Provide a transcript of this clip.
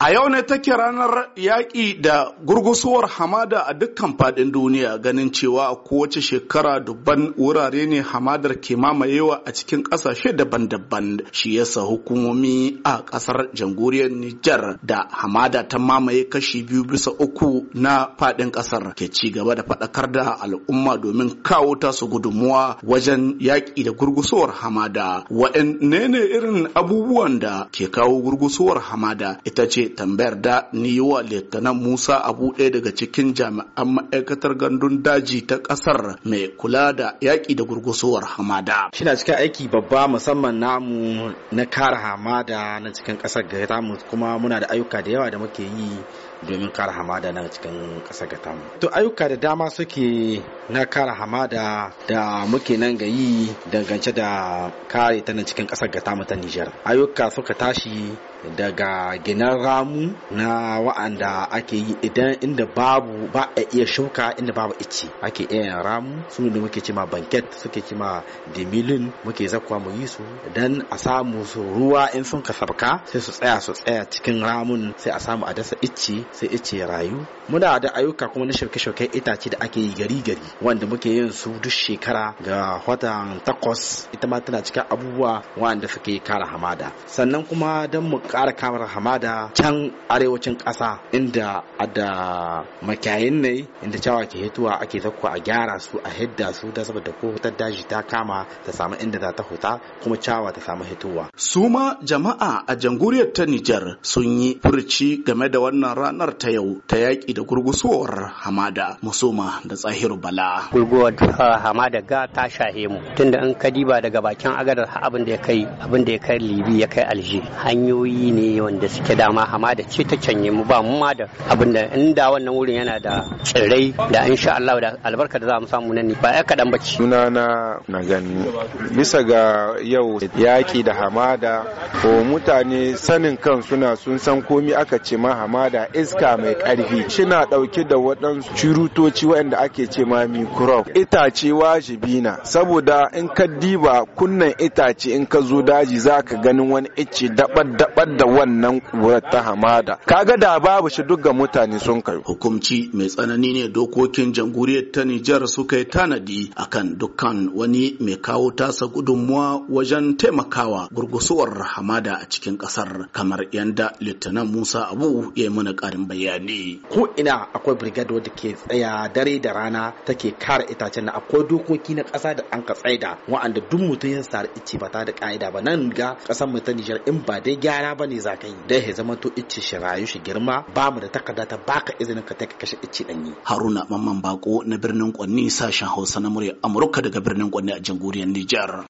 A yau ne take ranar yaƙi da gurgusuwar hamada a dukkan faɗin duniya ganin cewa a kowace shekara dubban wurare ne hamadar ke mamayewa a cikin ƙasashe daban-daban shi yasa hukumomi a ƙasar jamhuriyar Nijar da hamada ta mamaye kashi biyu bisa uku na faɗin ƙasar ke ci gaba da faɗakar da al'umma domin kawo tasu gudunmuwa wajen yaƙi da gurgusuwar hamada. Waɗanne ne irin abubuwan da ke kawo gurgusuwar hamada ita ce tambayar da ni yi wa Litinan musa abu ɗaya daga cikin jami'an ma'aikatar gandun daji ta ƙasar mai kula da yaƙi da gurgusowar hamada shi na cikin aiki babba musamman namu na kare hamada na cikin ƙasar ga mu kuma muna da ayyuka da yawa da muke yi domin kare hamada na cikin ƙasar ga mu. to ayyuka da dama suke na kare hamada da muke nan ga yi dangance da kare ta na cikin ƙasar ga mu ta nijar ayyuka suka tashi daga ginan ramu na wa'anda ake yi idan inda babu ba a iya shuka inda babu ice ake iya ramu su ne muke cima banket suke cima demilin muke zakwa mu yi su idan a samu su ruwa in sun ka sabka sai su tsaya su tsaya cikin ramun sai a samu a dasa ice sai ice rayu muna da ayyuka kuma na shauke-shauke itace da ake yi gari-gari wanda muke yin su duk shekara ga watan takwas ita ma tana cikin abubuwa wanda suke kara hamada sannan kuma don mu kara kamar hamada can arewacin ƙasa inda da makayin ne inda cewa ke hituwa ake zakko a gyara su a hidda su da saboda ko hutar daji ta kama ta samu inda za ta huta kuma cewa ta samu hituwa. su ma jama'a a janguriyar ta Nijar sun yi furci game da wannan ranar ta yau ta yaki da gurgusuwar hamada musoma da tsahiru bala. gurguwar ah, hamada ga ta shahe mu tunda in ka diba daga bakin agadar abin da ya kai abin da ya kai libi ya kai alji hanyoyi wuri ne wanda suke dama hamada ce ta canye mu ba mu ma da abin da inda wannan wurin yana da tsirrai da insha Allah da albarka da za mu samu nan ne ba ya kaɗan bace. Suna na na gani bisa ga yau yaki da hamada ko mutane sanin kan suna sun san komi aka ce ma hamada iska mai karfi shina ɗauke da waɗansu curutoci waɗanda ake ce ma microbe itace wajibi na saboda in ka diba kunnan itace in ka zo daji za ka ganin wani icce dabar dabar. fitar da wannan ƙurar ta hamada kaga da babu shi duk ga mutane sun kai hukumci mai tsanani ne dokokin jamhuriyar ta Nijar suka yi tanadi akan dukkan wani mai kawo tasa gudunmuwa wajen taimakawa gurgusuwar hamada a cikin kasar kamar yanda Litinin Musa Abu ya yi mana ƙarin bayani ko ina akwai brigade wadda ke tsaya dare da rana take kare itacen na akwai dokoki na ƙasa da an ka tsaida wa'anda duk mutum ya da ice ba ta da ƙa'ida ba nan ga ƙasar mu ta Nijar in ba dai gyara Ba ne za ka yi dai ya zama to icce shi rayu shi girma ba mu da takarda ta baka izinin ka take kashe icce yi haruna mamman bako na birnin kwanni sashen hausa na murya amurka daga birnin kwanni a jamhuriyar nijar